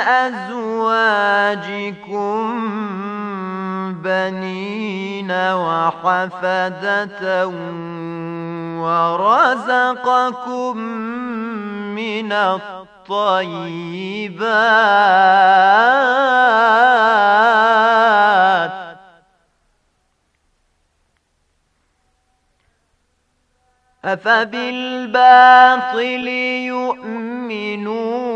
أزواجكم بنين وحفدة ورزقكم من الطيبات أفبالباطل يؤمنون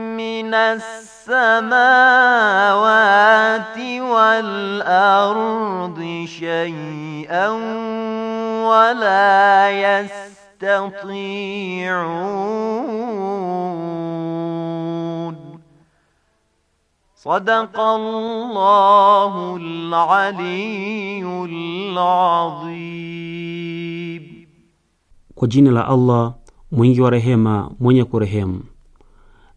من السماوات والأرض شيئا ولا يستطيعون صدق الله العلي العظيم Kwa jina la Allah mwingi wa rehema mwenye kurehemu.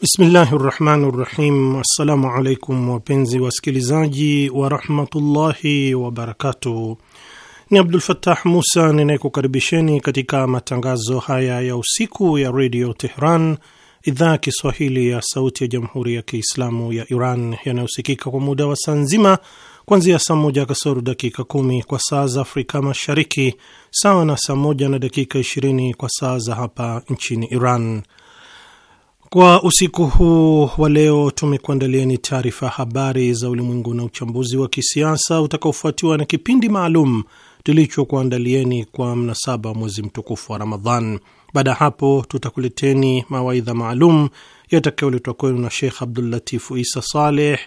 Bismillahi rahmani rahim. Assalamu alaikum wapenzi wasikilizaji warahmatullahi wabarakatuh. Ni Abdul Fattah Musa ninayekukaribisheni katika matangazo haya ya usiku ya redio Tehran, idhaa ya Kiswahili ya sauti ya jamhuri ya Kiislamu ya Iran, yanayosikika kwa muda wa saa nzima kuanzia saa moja kasoro dakika kumi kwa saa za Afrika Mashariki, sawa na saa moja na dakika ishirini kwa saa za hapa nchini Iran. Kwa usiku huu wa leo tumekuandalieni taarifa ya habari za ulimwengu na uchambuzi wa kisiasa utakaofuatiwa na kipindi maalum tulichokuandalieni kwa mnasaba mwezi mtukufu wa Ramadhan. Baada ya hapo, tutakuleteni mawaidha maalum yatakayoletwa kwenu na Sheikh Abdulatifu Isa Saleh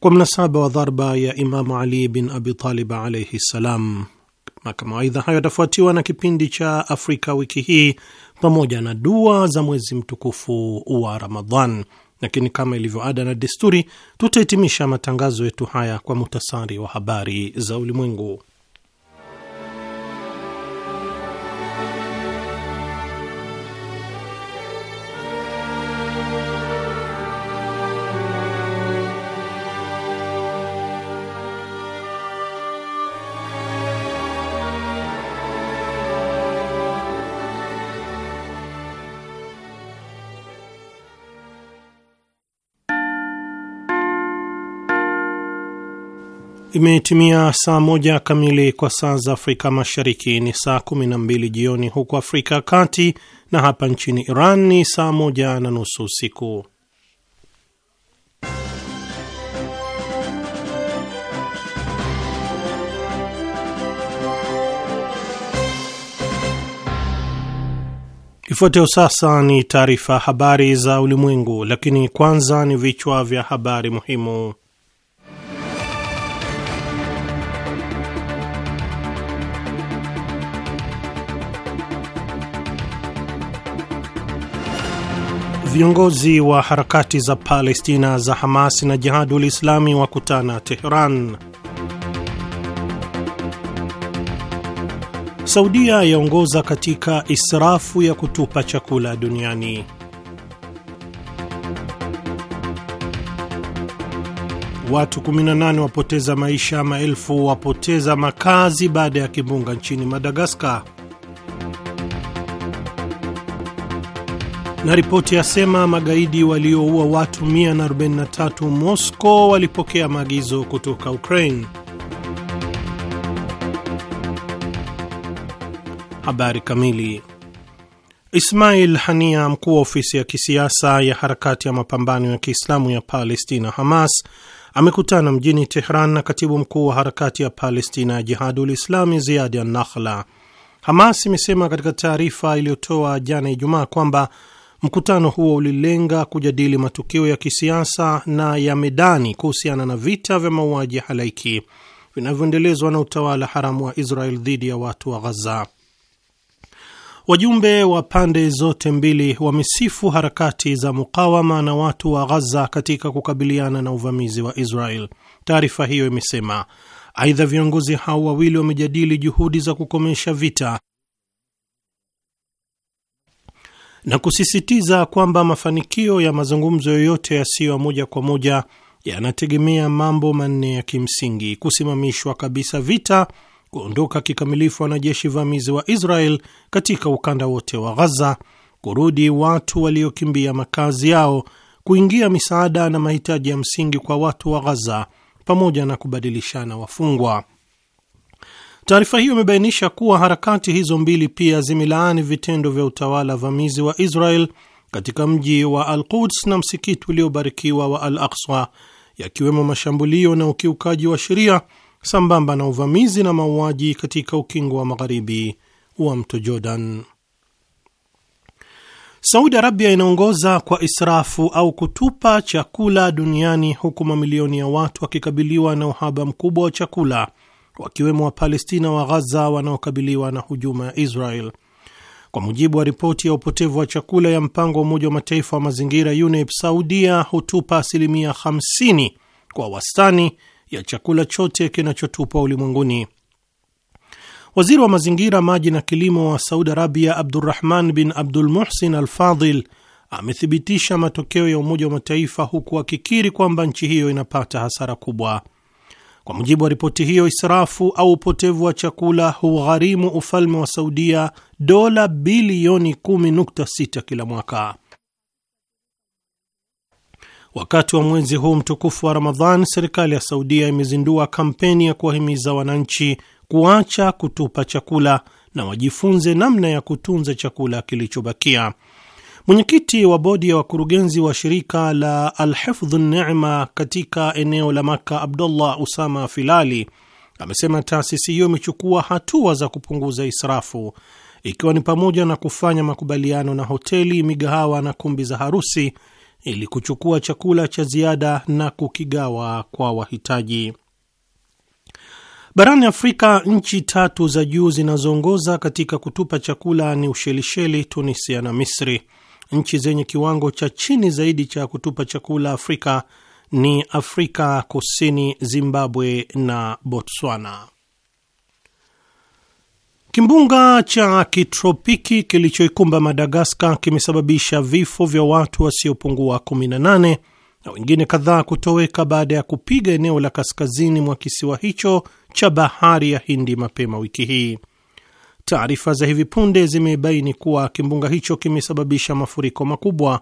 kwa mnasaba wa dharba ya Imamu Ali bin Abitalib alaihi ssalam. mawaidha hayo yatafuatiwa na kipindi cha Afrika wiki hii pamoja na dua za mwezi mtukufu wa Ramadhan. Lakini kama ilivyo ada na desturi, tutahitimisha matangazo yetu haya kwa muhtasari wa habari za ulimwengu. Imetimia saa moja kamili kwa saa za Afrika Mashariki, ni saa 12 jioni huko Afrika ya Kati, na hapa nchini Iran ni saa moja na nusu usiku. Ifuatayo sasa ni taarifa habari za ulimwengu, lakini kwanza ni vichwa vya habari muhimu. Viongozi wa harakati za Palestina za Hamas na Jihadul Islami wakutana Teheran. Saudia yaongoza katika israfu ya kutupa chakula duniani. Watu 18 wapoteza maisha, maelfu wapoteza makazi baada ya kimbunga nchini Madagaskar. Na ripoti yasema magaidi walioua watu 143 Moscow walipokea maagizo kutoka Ukraine. Habari kamili. Ismail Hania, mkuu wa ofisi ya kisiasa ya harakati ya mapambano ya Kiislamu ya Palestina Hamas, amekutana mjini Tehran na katibu mkuu wa harakati ya Palestina ya Jihadul Islami Ziadi An-Nakhla. Hamas imesema katika taarifa iliyotoa jana Ijumaa kwamba Mkutano huo ulilenga kujadili matukio ya kisiasa na ya medani kuhusiana na vita vya mauaji ya halaiki vinavyoendelezwa na utawala haramu wa Israel dhidi ya watu wa Ghaza. Wajumbe wa pande zote mbili wamesifu harakati za mukawama na watu wa Ghaza katika kukabiliana na uvamizi wa Israel, taarifa hiyo imesema. Aidha, viongozi hao wawili wamejadili juhudi za kukomesha vita na kusisitiza kwamba mafanikio ya mazungumzo yoyote yasiyo ya moja kwa moja yanategemea mambo manne ya kimsingi: kusimamishwa kabisa vita, kuondoka kikamilifu wanajeshi vamizi wa Israel katika ukanda wote wa Ghaza, kurudi watu waliokimbia makazi yao, kuingia misaada na mahitaji ya msingi kwa watu wa Ghaza, pamoja na kubadilishana wafungwa. Taarifa hiyo imebainisha kuwa harakati hizo mbili pia zimelaani vitendo vya utawala vamizi wa Israel katika mji wa Al Quds na msikiti uliobarikiwa wa Al Aqsa, yakiwemo mashambulio na ukiukaji wa sheria sambamba na uvamizi na mauaji katika ukingo wa magharibi wa mto Jordan. Saudi Arabia inaongoza kwa israfu au kutupa chakula duniani huku mamilioni ya watu wakikabiliwa na uhaba mkubwa wa chakula wakiwemo Wapalestina wa Ghaza wanaokabiliwa na hujuma ya Israel. Kwa mujibu wa ripoti ya upotevu wa chakula ya mpango wa Umoja wa Mataifa wa mazingira UNEP, Saudia hutupa asilimia 50 kwa wastani ya chakula chote kinachotupwa ulimwenguni. Waziri wa mazingira, maji na kilimo wa Saudi Arabia, Abdurrahman bin Abdul Muhsin Al Fadhil, amethibitisha matokeo ya Umoja wa Mataifa huku akikiri kwamba nchi hiyo inapata hasara kubwa. Kwa mujibu wa ripoti hiyo, israfu au upotevu wa chakula hugharimu ufalme wa Saudia dola bilioni 10.6 kila mwaka. Wakati wa mwezi huu mtukufu wa Ramadhan, serikali ya Saudia imezindua kampeni ya kuwahimiza wananchi kuacha kutupa chakula na wajifunze namna ya kutunza chakula kilichobakia. Mwenyekiti wa bodi ya wakurugenzi wa shirika la Alhifdhu Nema katika eneo la Maka, Abdullah Usama Filali, amesema taasisi hiyo imechukua hatua za kupunguza israfu, ikiwa ni pamoja na kufanya makubaliano na hoteli, migahawa na kumbi za harusi ili kuchukua chakula cha ziada na kukigawa kwa wahitaji. Barani Afrika, nchi tatu za juu zinazoongoza katika kutupa chakula ni Ushelisheli, Tunisia na Misri nchi zenye kiwango cha chini zaidi cha kutupa chakula Afrika ni Afrika Kusini, Zimbabwe na Botswana. Kimbunga cha kitropiki kilichoikumba Madagaskar kimesababisha vifo vya watu wasiopungua 18 na wengine kadhaa kutoweka baada ya kupiga eneo la kaskazini mwa kisiwa hicho cha bahari ya Hindi mapema wiki hii. Taarifa za hivi punde zimebaini kuwa kimbunga hicho kimesababisha mafuriko makubwa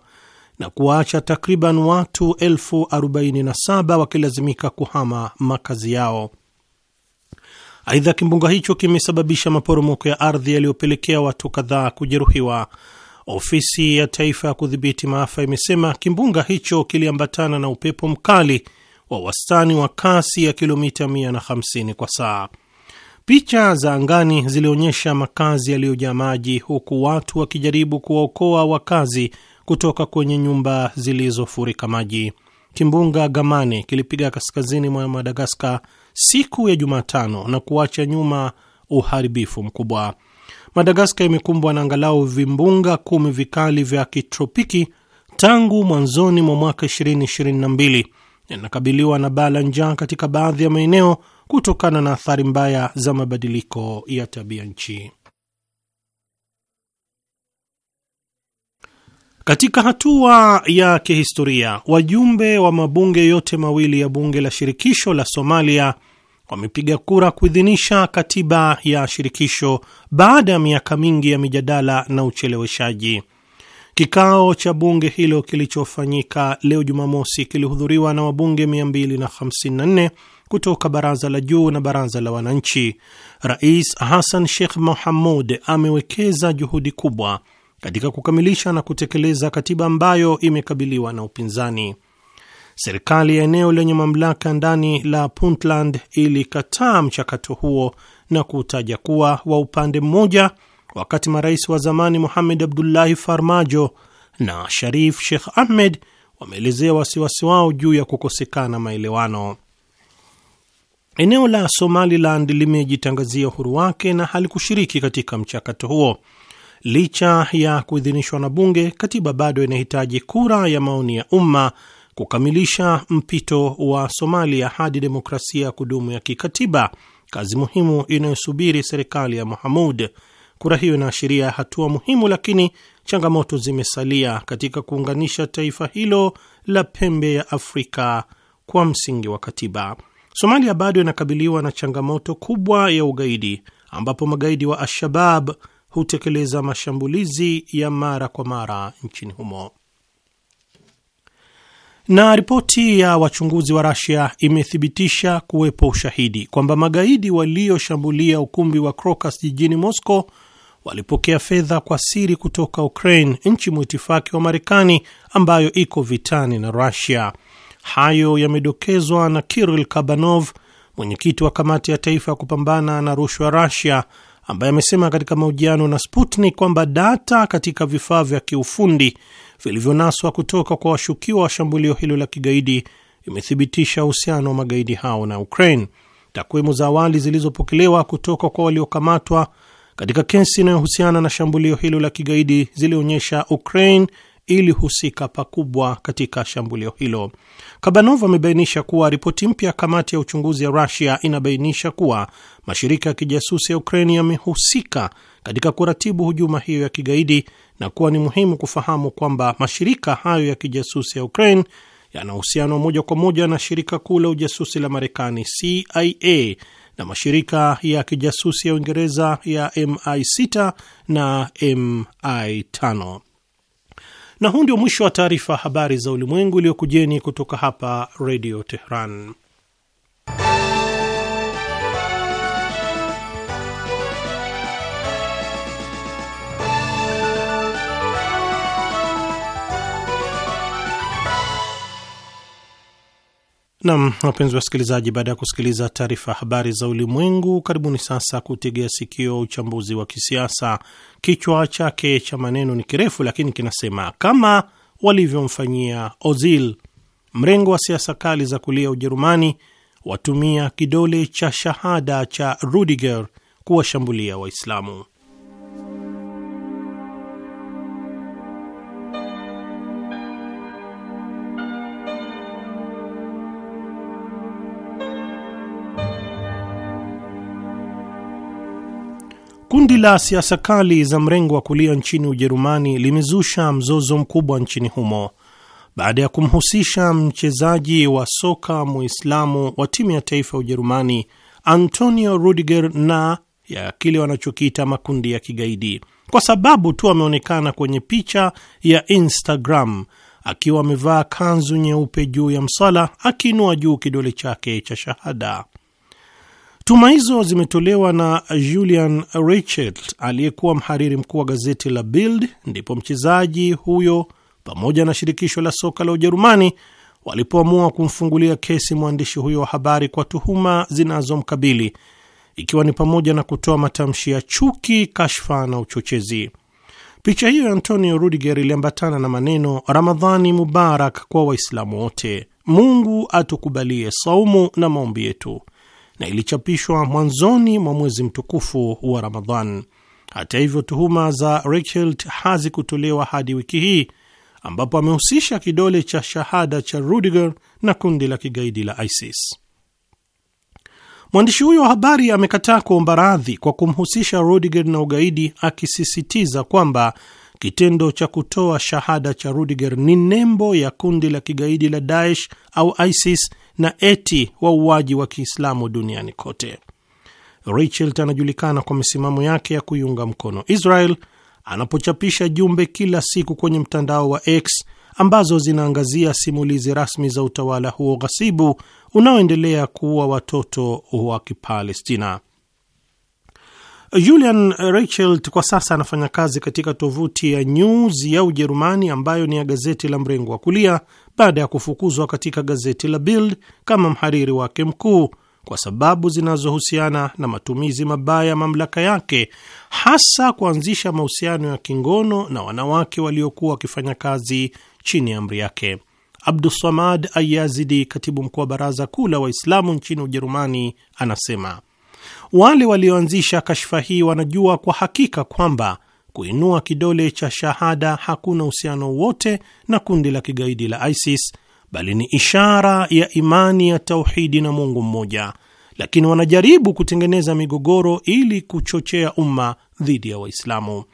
na kuwaacha takriban watu elfu 47 wakilazimika kuhama makazi yao. Aidha, kimbunga hicho kimesababisha maporomoko ya ardhi yaliyopelekea watu kadhaa kujeruhiwa. Ofisi ya Taifa ya Kudhibiti Maafa imesema kimbunga hicho kiliambatana na upepo mkali wa wastani wa kasi ya kilomita 150 kwa saa. Picha za angani zilionyesha makazi yaliyojaa maji, huku watu wakijaribu kuwaokoa wakazi kutoka kwenye nyumba zilizofurika maji. Kimbunga Gamane kilipiga kaskazini mwa Madagaskar siku ya Jumatano na kuacha nyuma uharibifu mkubwa. Madagaskar imekumbwa na angalau vimbunga kumi vikali vya kitropiki tangu mwanzoni mwa mwaka 2022. Inakabiliwa na baa la njaa katika baadhi ya maeneo kutokana na athari mbaya za mabadiliko ya tabia nchi. Katika hatua ya kihistoria, wajumbe wa mabunge yote mawili ya bunge la shirikisho la Somalia wamepiga kura kuidhinisha katiba ya shirikisho baada ya miaka mingi ya mijadala na ucheleweshaji. Kikao cha bunge hilo kilichofanyika leo Jumamosi kilihudhuriwa na wabunge 254 kutoka baraza la juu na baraza la wananchi, Rais Hassan Sheikh Mohamud amewekeza juhudi kubwa katika kukamilisha na kutekeleza katiba ambayo imekabiliwa na upinzani. Serikali ya eneo lenye mamlaka ndani la Puntland ilikataa mchakato huo na kutaja kuwa wa upande mmoja, wakati marais wa zamani Mohamed Abdullahi Farmajo na Sharif Sheikh Ahmed wameelezea wasiwasi wao juu ya kukosekana maelewano. Eneo la Somaliland limejitangazia uhuru wake na halikushiriki katika mchakato huo. Licha ya kuidhinishwa na bunge, katiba bado inahitaji kura ya maoni ya umma kukamilisha mpito wa Somalia hadi demokrasia ya kudumu ya kikatiba, kazi muhimu inayosubiri serikali ya Mahamud. Kura hiyo inaashiria hatua muhimu, lakini changamoto zimesalia katika kuunganisha taifa hilo la pembe ya Afrika kwa msingi wa katiba. Somalia bado inakabiliwa na changamoto kubwa ya ugaidi ambapo magaidi wa Al-Shabab hutekeleza mashambulizi ya mara kwa mara nchini humo. Na ripoti ya wachunguzi wa Russia imethibitisha kuwepo ushahidi kwamba magaidi walioshambulia ukumbi wa Crocus jijini Moscow walipokea fedha kwa siri kutoka Ukraine, nchi mwitifaki wa Marekani ambayo iko vitani na Russia. Hayo yamedokezwa na Kiril Kabanov, mwenyekiti wa kamati ya taifa ya kupambana na rushwa Rasia, ambaye amesema katika mahojiano na Sputnik kwamba data katika vifaa vya kiufundi vilivyonaswa kutoka kwa washukiwa wa shambulio hilo la kigaidi imethibitisha uhusiano wa magaidi hao na Ukraine. Takwimu za awali zilizopokelewa kutoka kwa waliokamatwa katika kesi inayohusiana na shambulio hilo la kigaidi zilionyesha Ukraine ilihusika pakubwa katika shambulio hilo. Kabanov amebainisha kuwa ripoti mpya ya kamati ya uchunguzi ya Rusia inabainisha kuwa mashirika ya kijasusi ya Ukraini yamehusika katika kuratibu hujuma hiyo ya kigaidi na kuwa ni muhimu kufahamu kwamba mashirika hayo ya kijasusi ya Ukraine yana uhusiano moja kwa moja na shirika kuu la ujasusi la Marekani CIA na mashirika ya kijasusi ya Uingereza ya MI6 na MI5. Na huu ndio mwisho wa taarifa ya habari za ulimwengu iliyokujeni kutoka hapa Redio Tehran. Nam, wapenzi wasikilizaji, baada ya kusikiliza taarifa ya habari za ulimwengu, karibuni sasa kutegea sikio uchambuzi wa kisiasa Kichwa chake cha maneno ni kirefu, lakini kinasema kama walivyomfanyia Ozil. Mrengo wa siasa kali za kulia Ujerumani watumia kidole cha shahada cha Rudiger kuwashambulia Waislamu. Kundi la siasa kali za mrengo wa kulia nchini Ujerumani limezusha mzozo mkubwa nchini humo baada ya kumhusisha mchezaji wa soka Muislamu wa timu ya taifa ya Ujerumani Antonio Rudiger na ya kile wanachokiita makundi ya kigaidi kwa sababu tu ameonekana kwenye picha ya Instagram akiwa amevaa kanzu nyeupe juu ya msala akiinua juu kidole chake cha shahada. Tuma hizo zimetolewa na Julian Richet aliyekuwa mhariri mkuu wa gazeti la Bild. Ndipo mchezaji huyo pamoja na shirikisho la soka la Ujerumani walipoamua kumfungulia kesi mwandishi huyo wa habari kwa tuhuma zinazomkabili ikiwa ni pamoja na kutoa matamshi ya chuki, kashfa na uchochezi. Picha hiyo ya Antonio Rudiger iliambatana na maneno Ramadhani Mubarak kwa Waislamu wote, Mungu atukubalie saumu na maombi yetu na ilichapishwa mwanzoni mwa mwezi mtukufu wa Ramadhan. Hata hivyo, tuhuma za Reichelt hazikutolewa hadi wiki hii ambapo amehusisha kidole cha shahada cha Rudiger na kundi la kigaidi la ISIS. Mwandishi huyo wa habari amekataa kuomba radhi kwa kumhusisha Rudiger na ugaidi, akisisitiza kwamba kitendo cha kutoa shahada cha Rudiger ni nembo ya kundi la kigaidi la Daesh au ISIS na eti wauaji wa Kiislamu duniani kote. Richelt anajulikana kwa misimamo yake ya kuiunga mkono Israel anapochapisha jumbe kila siku kwenye mtandao wa X ambazo zinaangazia simulizi rasmi za utawala huo ghasibu unaoendelea kuua watoto wa Kipalestina. Julian Reichelt kwa sasa anafanya kazi katika tovuti ya News ya Ujerumani ambayo ni ya gazeti la mrengo wa kulia baada ya kufukuzwa katika gazeti la Bild kama mhariri wake mkuu kwa sababu zinazohusiana na matumizi mabaya ya mamlaka yake, hasa kuanzisha mahusiano ya kingono na wanawake waliokuwa wakifanya kazi chini ya amri yake. Abdussamad Ayazidi, katibu mkuu wa baraza kuu la Waislamu nchini Ujerumani, anasema wale walioanzisha kashfa hii wanajua kwa hakika kwamba kuinua kidole cha shahada hakuna uhusiano wote na kundi la kigaidi la ISIS bali ni ishara ya imani ya tauhidi na Mungu mmoja, lakini wanajaribu kutengeneza migogoro ili kuchochea umma dhidi ya Waislamu.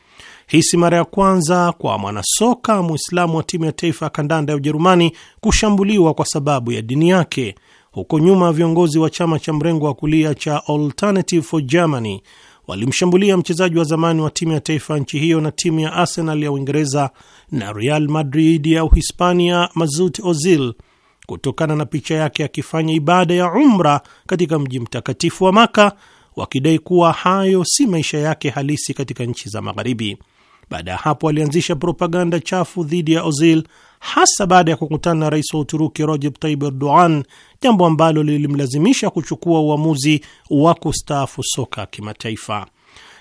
Hii si mara ya kwanza kwa mwanasoka Mwislamu wa timu ya taifa ya kandanda ya Ujerumani kushambuliwa kwa sababu ya dini yake. Huko nyuma viongozi wa chama cha mrengo wa kulia cha Alternative for Germany walimshambulia mchezaji wa zamani wa timu ya taifa ya nchi hiyo na timu ya Arsenal ya Uingereza na Real Madrid ya Uhispania Mesut Ozil kutokana na picha yake akifanya ibada ya umra katika mji mtakatifu wa Maka, wakidai kuwa hayo si maisha yake halisi katika nchi za Magharibi. Baada ya hapo, alianzisha propaganda chafu dhidi ya Ozil hasa baada ya kukutana na rais wa Uturuki Recep Tayyip Erdogan, jambo ambalo lilimlazimisha kuchukua uamuzi wa kustaafu soka kimataifa.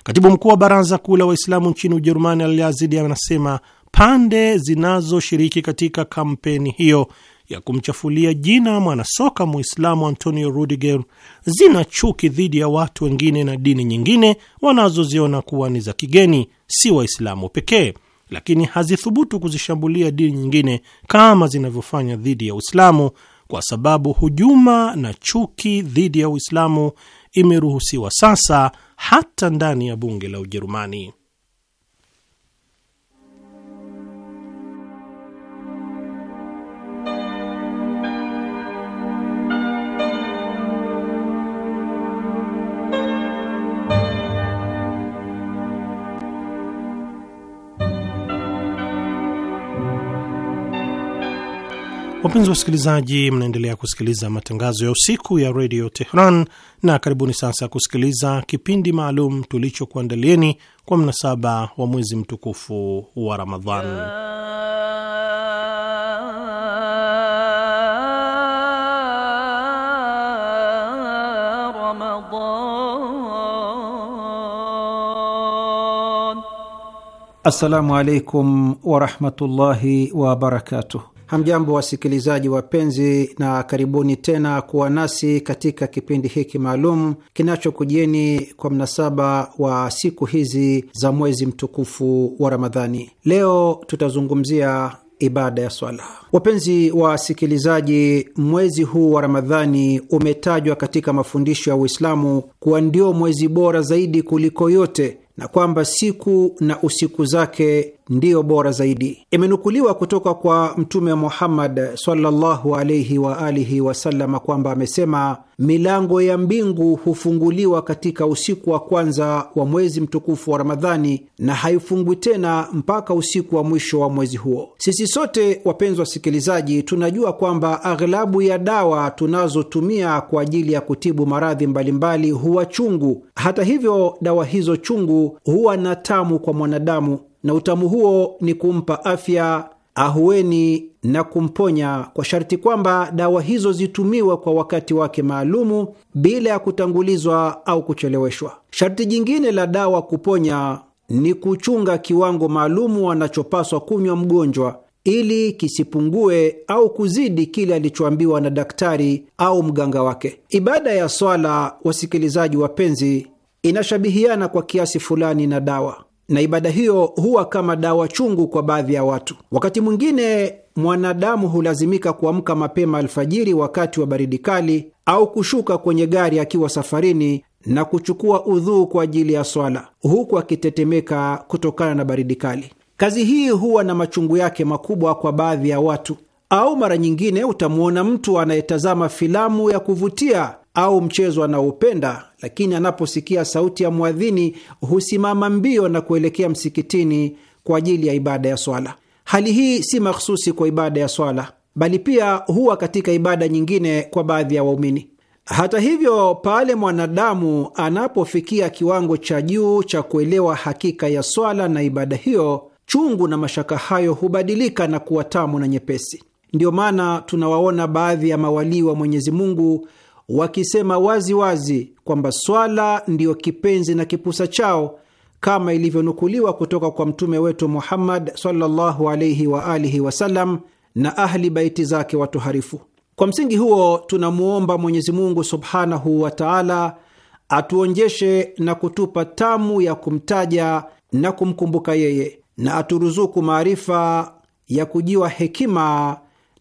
Katibu mkuu wa Baraza Kuu la Waislamu nchini Ujerumani al anasema pande zinazoshiriki katika kampeni hiyo ya kumchafulia jina mwanasoka Muislamu Antonio Rudiger zina chuki dhidi ya watu wengine na dini nyingine wanazoziona kuwa ni za kigeni, si Waislamu pekee lakini hazithubutu kuzishambulia dini nyingine kama zinavyofanya dhidi ya Uislamu, kwa sababu hujuma na chuki dhidi ya Uislamu imeruhusiwa sasa hata ndani ya bunge la Ujerumani. Wapenzi wasikilizaji, mnaendelea kusikiliza matangazo ya usiku ya redio Tehran, na karibuni sasa kusikiliza kipindi maalum tulichokuandalieni kwa mnasaba wa mwezi mtukufu wa Ramadhan. Assalamu alaikum warahmatullahi wabarakatuh. Hamjambo wasikilizaji wapenzi, na karibuni tena kuwa nasi katika kipindi hiki maalum kinachokujieni kwa mnasaba wa siku hizi za mwezi mtukufu wa Ramadhani. Leo tutazungumzia ibada ya swala. Wapenzi wa wasikilizaji, mwezi huu wa Ramadhani umetajwa katika mafundisho ya Uislamu kuwa ndio mwezi bora zaidi kuliko yote na kwamba siku na usiku zake ndiyo bora zaidi. Imenukuliwa kutoka kwa Mtume Muhammad sallallahu alaihi wa alihi wasallam kwamba amesema, milango ya mbingu hufunguliwa katika usiku wa kwanza wa mwezi mtukufu wa Ramadhani na haifungwi tena mpaka usiku wa mwisho wa mwezi huo. Sisi sote wapenzi wasikilizaji, tunajua kwamba aghlabu ya dawa tunazotumia kwa ajili ya kutibu maradhi mbalimbali huwa chungu. Hata hivyo, dawa hizo chungu huwa na tamu kwa mwanadamu na utamu huo ni kumpa afya, ahueni na kumponya, kwa sharti kwamba dawa hizo zitumiwe kwa wakati wake maalumu bila ya kutangulizwa au kucheleweshwa. Sharti jingine la dawa kuponya ni kuchunga kiwango maalumu anachopaswa kunywa mgonjwa ili kisipungue au kuzidi kile alichoambiwa na daktari au mganga wake. Ibada ya swala, wasikilizaji wapenzi, inashabihiana kwa kiasi fulani na dawa na ibada hiyo huwa kama dawa chungu kwa baadhi ya watu. Wakati mwingine mwanadamu hulazimika kuamka mapema alfajiri wakati wa baridi kali au kushuka kwenye gari akiwa safarini na kuchukua udhuu kwa ajili ya swala huku akitetemeka kutokana na baridi kali. Kazi hii huwa na machungu yake makubwa kwa baadhi ya watu, au mara nyingine utamwona mtu anayetazama filamu ya kuvutia au mchezo anaoupenda, lakini anaposikia sauti ya mwadhini husimama mbio na kuelekea msikitini kwa ajili ya ibada ya swala. Hali hii si mahsusi kwa ibada ya swala, bali pia huwa katika ibada nyingine kwa baadhi ya waumini. Hata hivyo, pale mwanadamu anapofikia kiwango cha juu cha kuelewa hakika ya swala na ibada hiyo, chungu na mashaka hayo hubadilika na kuwa tamu na nyepesi. Ndiyo maana tunawaona baadhi ya mawalii wa Mwenyezi Mungu wakisema wazi wazi kwamba swala ndiyo kipenzi na kipusa chao kama ilivyonukuliwa kutoka kwa mtume wetu Muhammad sallallahu wa alihi wasallam na ahli baiti zake watuharifu Kwa msingi huo tunamwomba Mwenyezi Mungu subhanahu wa taala atuonjeshe na kutupa tamu ya kumtaja na kumkumbuka yeye, na aturuzuku maarifa ya kujiwa hekima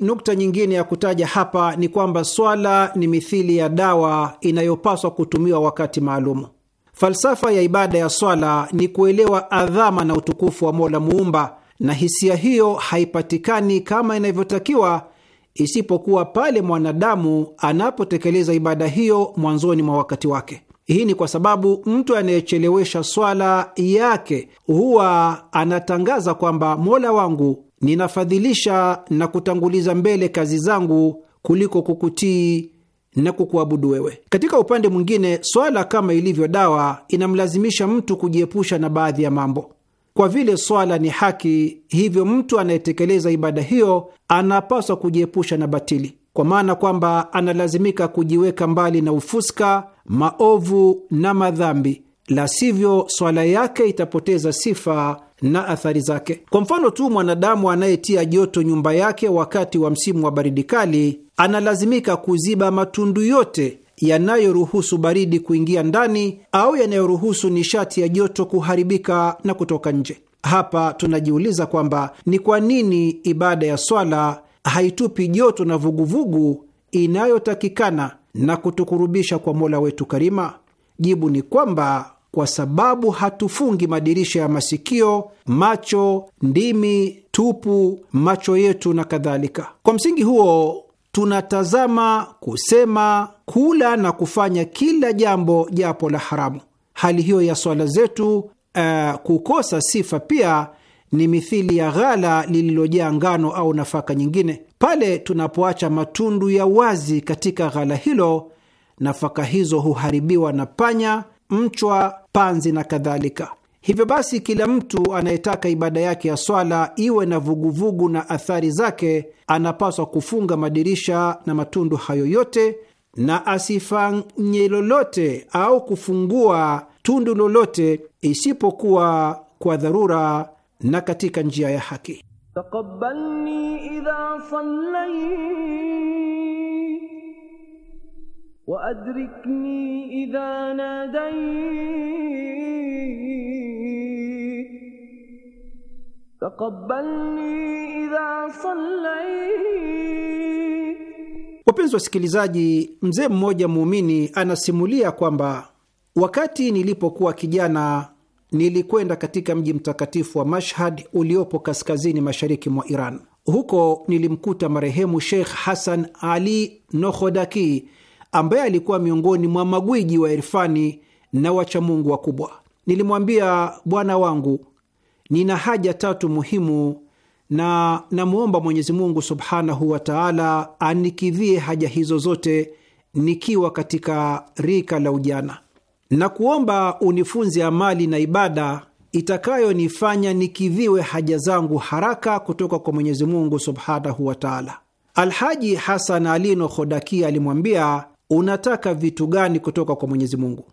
Nukta nyingine ya kutaja hapa ni kwamba swala ni mithili ya dawa inayopaswa kutumiwa wakati maalum. Falsafa ya ibada ya swala ni kuelewa adhama na utukufu wa Mola Muumba, na hisia hiyo haipatikani kama inavyotakiwa isipokuwa pale mwanadamu anapotekeleza ibada hiyo mwanzoni mwa wakati wake. Hii ni kwa sababu mtu anayechelewesha swala yake huwa anatangaza kwamba Mola wangu, ninafadhilisha na kutanguliza mbele kazi zangu kuliko kukutii na kukuabudu wewe. Katika upande mwingine, swala kama ilivyo dawa inamlazimisha mtu kujiepusha na baadhi ya mambo. Kwa vile swala ni haki, hivyo mtu anayetekeleza ibada hiyo anapaswa kujiepusha na batili kwa maana kwamba analazimika kujiweka mbali na ufuska, maovu na madhambi, la sivyo swala yake itapoteza sifa na athari zake. Kwa mfano tu, mwanadamu anayetia joto nyumba yake wakati wa msimu wa baridi kali analazimika kuziba matundu yote yanayoruhusu baridi kuingia ndani au yanayoruhusu nishati ya joto kuharibika na kutoka nje. Hapa tunajiuliza kwamba ni kwa nini ibada ya swala haitupi joto na vuguvugu inayotakikana na kutukurubisha kwa Mola wetu Karima? Jibu ni kwamba kwa sababu hatufungi madirisha ya masikio, macho, ndimi, tupu, macho yetu na kadhalika. Kwa msingi huo tunatazama, kusema, kula na kufanya kila jambo japo la haramu. Hali hiyo ya swala zetu uh, kukosa sifa pia ni mithili ya ghala lililojaa ngano au nafaka nyingine. Pale tunapoacha matundu ya wazi katika ghala hilo, nafaka hizo huharibiwa na panya, mchwa, panzi na kadhalika. Hivyo basi, kila mtu anayetaka ibada yake ya swala iwe na vuguvugu na athari zake anapaswa kufunga madirisha na matundu hayo yote na asifanye lolote au kufungua tundu lolote isipokuwa kwa dharura na katika njia ya haki. Taqabbalni idha wa adrikni idha taqabbalni idha Wapenzi wasikilizaji, mzee mmoja muumini anasimulia kwamba wakati nilipokuwa kijana nilikwenda katika mji mtakatifu wa Mashhad uliopo kaskazini mashariki mwa Iran. Huko nilimkuta marehemu Sheikh Hasan Ali Nohodaki ambaye alikuwa miongoni mwa magwiji wa irfani na wachamungu wakubwa. Nilimwambia, bwana wangu, nina haja tatu muhimu na namwomba Mwenyezi Mungu subhanahu wa taala anikidhie haja hizo zote nikiwa katika rika la ujana na kuomba unifunze amali na ibada itakayonifanya nikidhiwe haja zangu haraka kutoka kwa Mwenyezi Mungu subhanahu wa taala. Alhaji Hasan Alino Khodakia alimwambia, unataka vitu gani kutoka kwa Mwenyezi Mungu?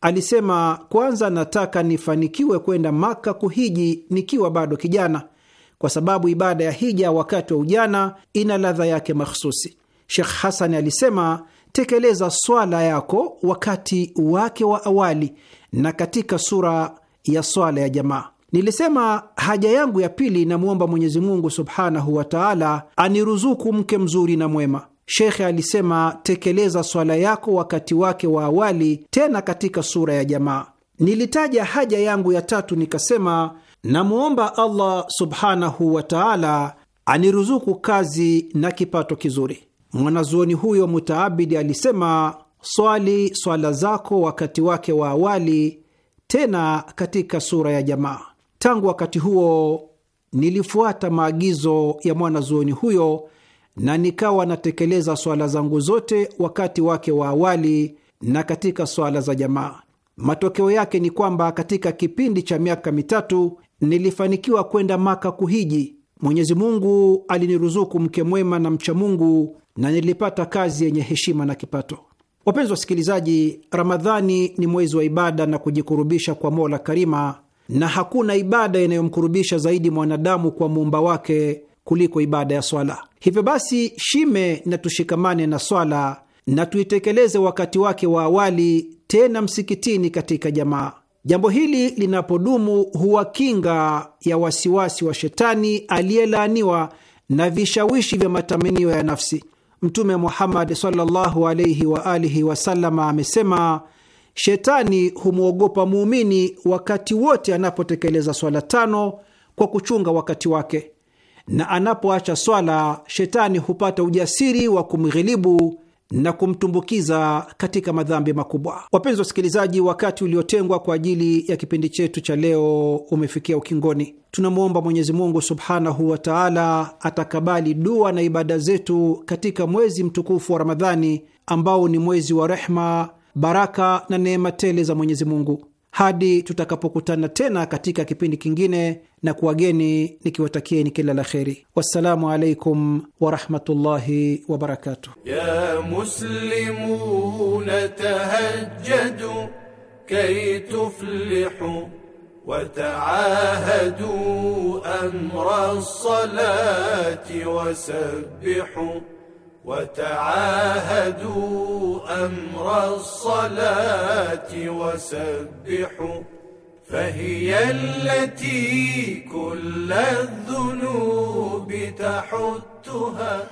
Alisema, kwanza nataka nifanikiwe kwenda Maka kuhiji nikiwa bado kijana, kwa sababu ibada ya hija wakati wa ujana ina ladha yake mahsusi. Shekh Hasani alisema tekeleza swala yako wakati wake wa awali na katika sura ya swala ya jamaa. Nilisema haja yangu ya pili, namwomba Mwenyezi Mungu subhanahu wa taala aniruzuku mke mzuri na mwema. Shekhe alisema tekeleza swala yako wakati wake wa awali, tena katika sura ya jamaa. Nilitaja haja yangu ya tatu nikasema, namwomba Allah subhanahu wa taala aniruzuku kazi na kipato kizuri. Mwanazuoni huyo mutaabidi alisema, swali swala zako wakati wake wa awali, tena katika sura ya jamaa. Tangu wakati huo nilifuata maagizo ya mwanazuoni huyo na nikawa natekeleza swala zangu zote wakati wake wa awali na katika swala za jamaa. Matokeo yake ni kwamba katika kipindi cha miaka mitatu nilifanikiwa kwenda Maka kuhiji. Mwenyezi Mungu aliniruzuku mke mwema na mcha Mungu na nilipata kazi yenye heshima na kipato. Wapenzi wasikilizaji, Ramadhani ni mwezi wa ibada na kujikurubisha kwa Mola Karima, na hakuna ibada inayomkurubisha zaidi mwanadamu kwa muumba wake kuliko ibada ya swala. Hivyo basi, shime na tushikamane na swala na tuitekeleze wakati wake wa awali, tena msikitini, katika jamaa. Jambo hili linapodumu huwa kinga ya wasiwasi wa shetani aliyelaaniwa na vishawishi vya matamanio ya nafsi. Mtume Muhammad sallallahu alaihi wa alihi amesema, shetani humwogopa muumini wakati wote anapotekeleza swala tano kwa kuchunga wakati wake, na anapoacha swala shetani hupata ujasiri wa kumghilibu na kumtumbukiza katika madhambi makubwa. Wapenzi wasikilizaji, wakati uliotengwa kwa ajili ya kipindi chetu cha leo umefikia ukingoni. Tunamwomba Mwenyezi Mungu subhanahu wa taala atakabali dua na ibada zetu katika mwezi mtukufu wa Ramadhani ambao ni mwezi wa rehma, baraka na neema tele za Mwenyezi Mungu. Hadi tutakapokutana tena katika kipindi kingine na kuwageni nikiwatakieni kila la kheri. Wassalamu alaikum warahmatullahi wabarakatuh. ya muslimuna tahajjadu kay tuflihu wataahadu amra lsalati wasabbihu وتعاهدوا أمر الصلاة وسبحوا فهي التي كل الذنوب تحتها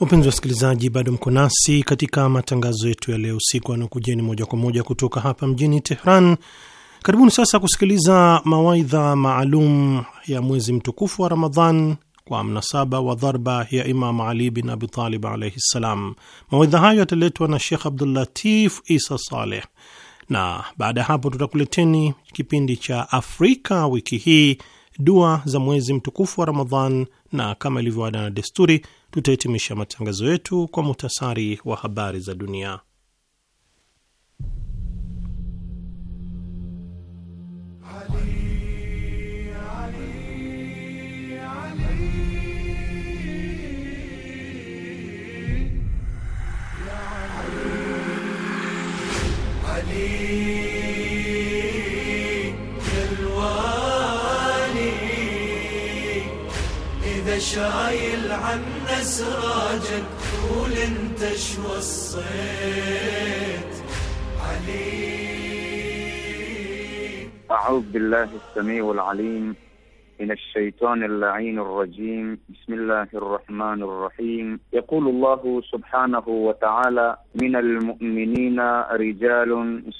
Wapenzi wasikilizaji, bado mko nasi katika matangazo yetu ya leo usiku anaokujeni moja kwa moja kutoka hapa mjini Tehran. Karibuni sasa kusikiliza mawaidha maalum ya mwezi mtukufu wa Ramadhan kwa mnasaba wa dharba ya Imam Ali bin Abi Talib alaihi ssalam. Mawaidha hayo yataletwa na Shekh Abdulatif Isa Saleh na baada ya hapo tutakuleteni kipindi cha Afrika wiki hii, dua za mwezi mtukufu wa Ramadhan, na kama ilivyoada na desturi tutahitimisha matangazo yetu kwa muhtasari wa habari za dunia. إذا شايل عنا سراجك قول انت شو الصيت علي أعوذ بالله السميع العليم من الشيطان اللعين الرجيم بسم الله الرحمن الرحيم يقول الله سبحانه وتعالى من المؤمنين رجال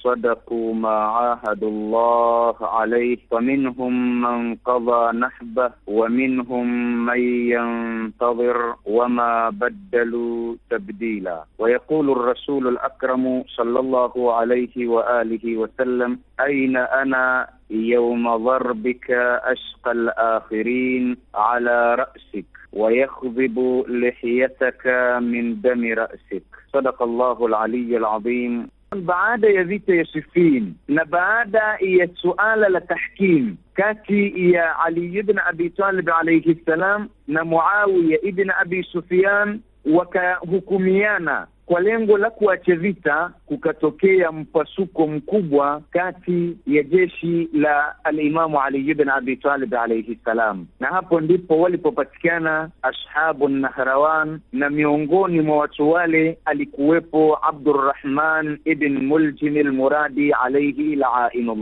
صدقوا ما عاهدوا الله عليه فمنهم من قضى نحبه ومنهم من ينتظر وما بدلوا تبديلا ويقول الرسول الأكرم صلى الله عليه وآله وسلم أين أنا يوم ضربك أشقى الآخرين على رأسك ويخضب لحيتك من دم رأسك صدق الله العلي العظيم بعد يزيد يشفين نبعد يتسؤال لتحكيم كاكي يا علي بن أبي طالب عليه السلام نمعاوية ابن أبي سفيان وكهكميانا kwa lengo la kuache vita, kukatokea mpasuko mkubwa kati ya jeshi la alimamu Ali ibn Abi Talib alayhi salam, na hapo ndipo walipopatikana ashabu Nahrawan, na miongoni mwa watu wale alikuwepo Abdurrahman ibn Muljim lmuradi alaihi alayhi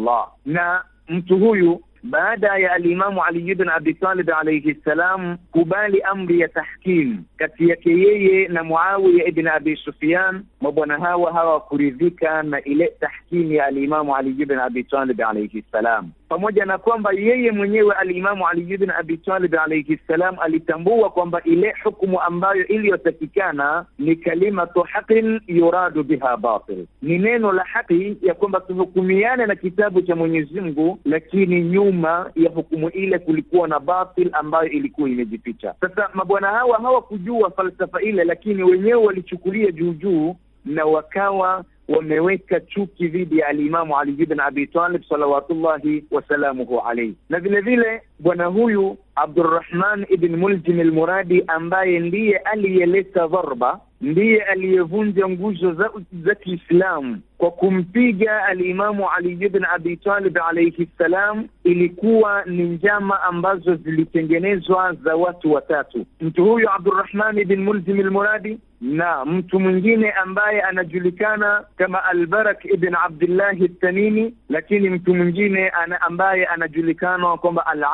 na mtu huyu بدا يا الامام علي بن ابي طالب عليه السلام kubali amri ya tahkim kati yake yeye na muawiya ibn abi sufyan mabwana hawa hawakuridhika na ile tahkimu ya alimamu ali ibn abi talib alaihi ssalam pamoja na kwamba yeye mwenyewe alimamu Ali ibn Abi Talib alayhi salam alitambua kwamba ile hukumu ambayo iliyotakikana ni kalimatu haqin yuradu biha batil, ni neno la haki ya kwamba tuhukumiane na kitabu cha Mwenyezi Mungu, lakini nyuma ya hukumu ile kulikuwa na batil ambayo ilikuwa imejificha. Sasa mabwana hawa hawakujua falsafa ile, lakini wenyewe walichukulia juujuu na wakawa wameweka chuki dhidi ya alimamu Ali ibn Abi Talib salawatullahi wasalamuhu alaihi, na vilevile bwana huyu Abdurrahman ibn Muljim al ambaye ndiye aliyeleta dharba, ndiye aliyevunja nguzo za, za Kiislamu kwa kumpiga alimamu Ali ibn Abi Talib alayhi salam. Ilikuwa ni njama ambazo zilitengenezwa za watu watatu, mtu huyu Abdurrahman ibn Muljim al na mtu mwingine ambaye anajulikana kama Albarak ibn Abdillahi Tanini, lakini mtu mwingine ana ambaye anajulikana kwamba al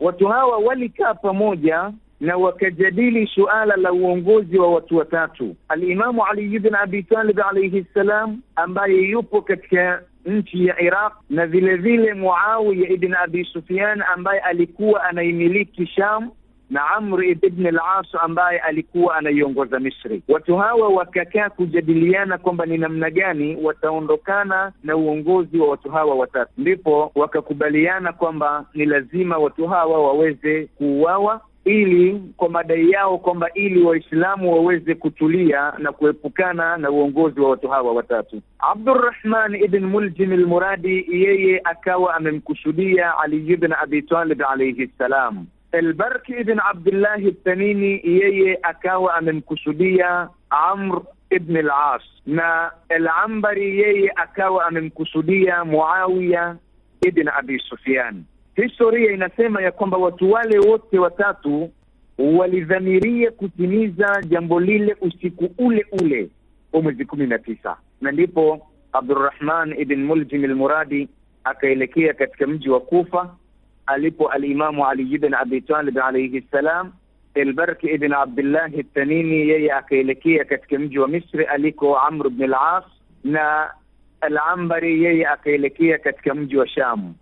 Watu hawa walikaa pamoja na wakajadili suala la uongozi wa watu watatu. Alimamu Ali ibn Abi Talib alayhi ssalam, ambaye yupo katika nchi ya Iraq na vilevile Muawiya ibn Abi Sufyan ambaye alikuwa anaimiliki Sham na Amri ibn al-As ambaye alikuwa anaiongoza Misri. Watu hawa wakakaa kujadiliana kwamba ni namna gani wataondokana na uongozi wa watu hawa watatu, ndipo wakakubaliana kwamba ni lazima watu hawa waweze kuuawa ili kwa madai yao kwamba ili Waislamu waweze kutulia na kuepukana na uongozi wa watu hawa watatu. Abdurrahman ibn Muljim lmuradi yeye akawa amemkusudia Ali ibn Abi Talib alayhi salam elbarki ibn Abdullahi Tanini yeye akawa amemkusudia Amr ibn al-As, na al-Ambari yeye akawa amemkusudia Muawiya ibn Abi Sufyan. Historia inasema ya kwamba watu wale wote watatu walidhamiria kutimiza jambo lile usiku ule ule wa mwezi kumi na tisa, na ndipo Abdurrahman ibn Muljim al-Muradi akaelekea katika mji wa Kufa alipo alimamu Ali ibn Abi Talib alayhi salam, Elbark ibn Abdillahi Tanini, yeye akaelekea katika mji wa Misri aliko Amr ibn al-As, na al-Ambari yeye akaelekea katika mji wa Shamu.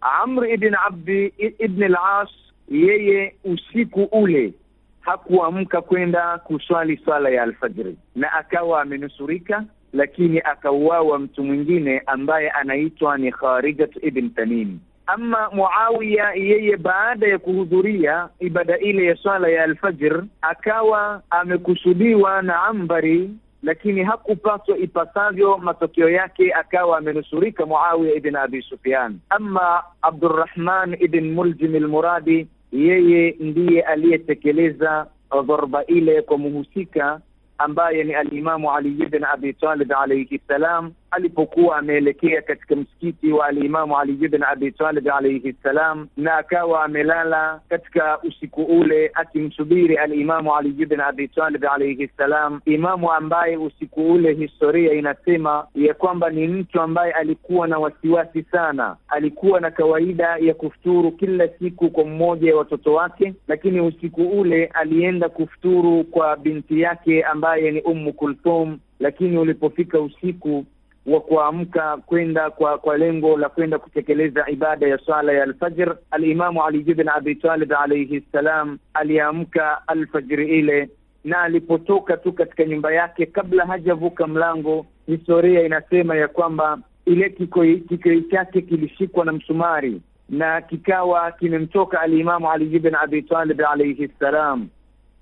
Amr ibn Abdi ibn al yeye usiku ule hakuamka kwenda kuswali swala ya alfajiri, na akawa amenusurika, lakini akauawa mtu mwingine ambaye anaitwa ni Kharigat ibn Tanini. Ama Muawiya yeye baada ya kuhudhuria ibada ile ya swala ya alfajr, akawa amekusudiwa na ambari, lakini hakupaswa ipasavyo. Matokeo yake akawa amenusurika Muawiya ibn Abi Sufyan. Ama Abdurrahman ibn Muljim al-Muradi, yeye ndiye aliyetekeleza dhorba ile kwa muhusika ambaye ni alimamu Ali ibn Abi Talib alayhi salam alipokuwa ameelekea katika msikiti wa alimamu Ali ibn Abi Talib alayhi ssalam, na akawa amelala katika usiku ule akimsubiri alimamu Ali ibn Abi Talib alayhi ssalam, imamu ambaye usiku ule historia inasema ya kwamba ni mtu ambaye alikuwa na wasiwasi sana. Alikuwa na kawaida ya kufuturu kila siku kwa mmoja ya watoto wake, lakini usiku ule alienda kufuturu kwa binti yake ambaye ni Ummu Kulthum, lakini ulipofika usiku wa kuamka kwenda kwa kwa lengo la kwenda kutekeleza ibada ya swala ya alfajr. Alimamu Ali bin Abi Talib alayhi ssalam aliamka alfajiri ile, na alipotoka tu katika nyumba yake, kabla hajavuka mlango, historia inasema ya kwamba ile kikoi chake kilishikwa na msumari na kikawa kimemtoka alimamu Ali bin Abi Talib alayhi ssalam.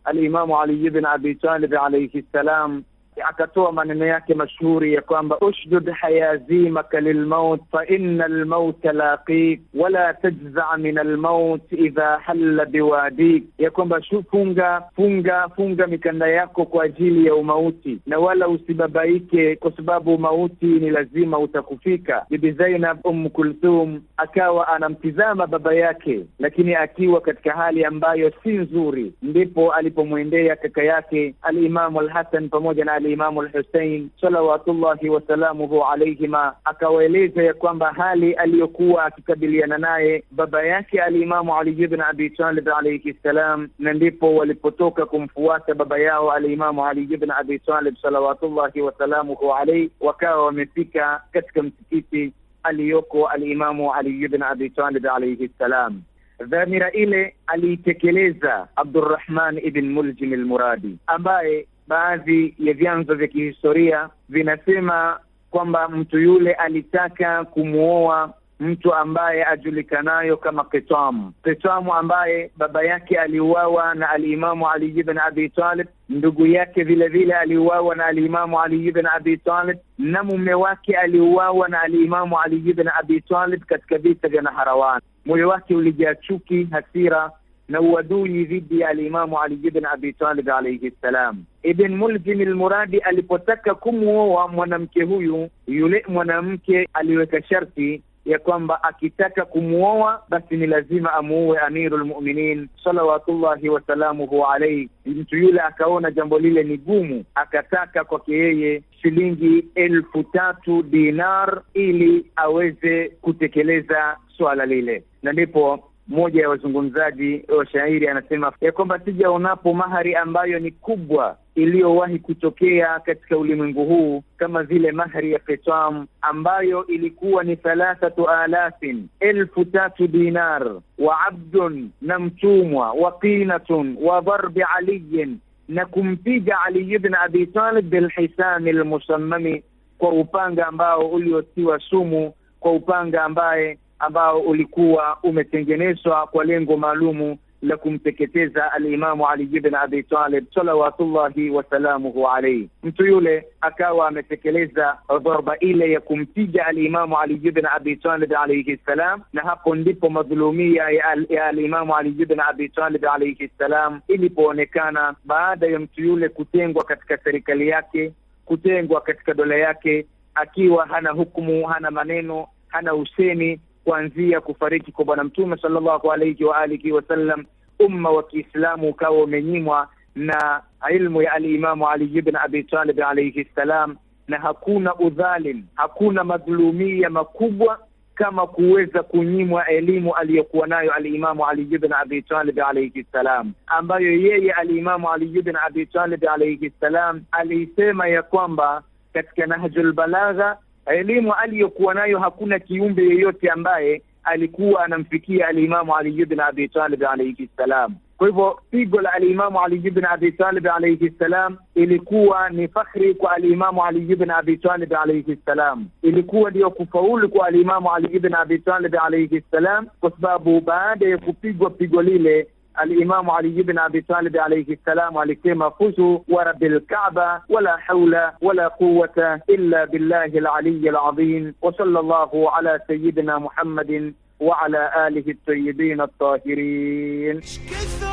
Alimamu Ali bin Abi Talib alayhi ssalam akatoa maneno yake mashuhuri ya kwamba ushdud hayazimaka lilmaut faina lmauta laqik wala tajzaa min almaut idha halla biwadik, ya kwamba funga funga funga mikanda yako kwa ajili ya umauti na wala usibabaike, kwa sababu umauti ni lazima utakufika. Bibi Zainab Umm Kulthum akawa anamtizama baba yake, lakini akiwa katika hali ambayo si nzuri, ndipo alipomwendea kaka yake Alimamu Alhasan pamoja na Ali Imamu Lhusein salawatullahi wasalamuhu alaihima, akawaeleza ya kwamba hali aliyokuwa akikabiliana naye baba yake Alimamu Ali bin Abi Talib alaihi ssalam, na ndipo walipotoka kumfuata baba yao Alimamu Ali ibn Abi Talib salawatullahi wasalamuhu alaihi, wakawa wamefika katika msikiti aliyoko Alimamu Ali ibn Abi Talib alaihi ssalam. Dhamira ile aliitekeleza Abdurrahman ibn Muljim Almuradi ambaye baadhi ya vyanzo vya kihistoria vinasema kwamba mtu yule alitaka kumwoa mtu ambaye ajulikanayo kama Kitamu. Kitamu ambaye baba yake aliuawa na alimamu Ali ibn Abi Talib, ndugu yake vilevile aliuawa na alimamu Ali ibn Abi Talib, na mume wake aliuawa na alimamu Ali ibn Abi Talib katika vita vya Naharawan. Moyo wake ulijaa chuki, hasira na uadui dhidi ya alimamu Ali ibn Abi Talib alayhi salam. Ibn Mulzim al-Muradi alipotaka kumwoa mwanamke huyu, yule mwanamke aliweka sharti ya kwamba akitaka kumwoa basi ni lazima amuue Amirul Mu'minin salawatullahi wasalamuhu alayhi. Mtu yule akaona jambo lile ni gumu, akataka kwake yeye shilingi elfu tatu dinar ili aweze kutekeleza swala lile, na ndipo mmoja ya wazungumzaji wa shairi anasema ya kwamba sijaonapo mahari ambayo ni kubwa iliyowahi kutokea katika ulimwengu huu kama vile mahari ya Qitam ambayo ilikuwa ni thalathatu alafin, elfu tatu dinar, wa abdun na mtumwa, wa qinatun wa dharbi aliyin, na kumpiga Ali ibn Abi Talib bilhisami lmusammami, kwa upanga ambao uliotiwa sumu, kwa upanga ambaye ambao ulikuwa umetengenezwa kwa lengo maalumu la kumteketeza alimamu Ali ibn Abi Talib salawatullahi wasalamuhu alaihi. Mtu yule akawa ametekeleza dhorba ile ya kumpiga alimamu Ali ibn Abi Talib alaihi ssalam, na hapo ndipo madhulumia ya alimamu Ali ibn Abi Talib alaihi ssalam ilipoonekana baada ya mtu yule kutengwa katika serikali yake, kutengwa katika dola yake, akiwa hana hukumu, hana maneno, hana usemi kuanzia kufariki kwa Bwana Mtume sallallahu alayhi wa alihi wasallam, umma wa Kiislamu ukawa umenyimwa na ilmu ya alimamu Ali ibn Abi Talib alaihi ssalam na hakuna udhalim, hakuna madhulumia makubwa kama kuweza kunyimwa elimu aliyokuwa nayo alimamu Ali ibn Abi Talib alayhi salam, ambayo yeye alimamu Ali ibn Abi Talib alayhi salam aliisema ya kwamba katika Nahjul Balagha elimu aliyokuwa nayo hakuna kiumbe yeyote ambaye alikuwa anamfikia alimamu Ali ibn Abi Talib alayhi salam. Kwa hivyo pigo la alimamu Ali ibn Abi Talib alayhi salam ilikuwa ni fakhri kwa alimamu Ali ibn Abi Talib alayhi salam, ilikuwa ndiyo kufaulu kwa alimamu Ali ibn Abi Talib alayhi salam, kwa sababu baada ya kupigwa pigo lile الإمام علي بن أبي طالب عليه السلام كلمه فزوا ورب الكعبة ولا حول ولا قوة إلا بالله العلي العظيم وصلى الله على سيدنا محمد وعلى آله الطيبين الطاهرين كثر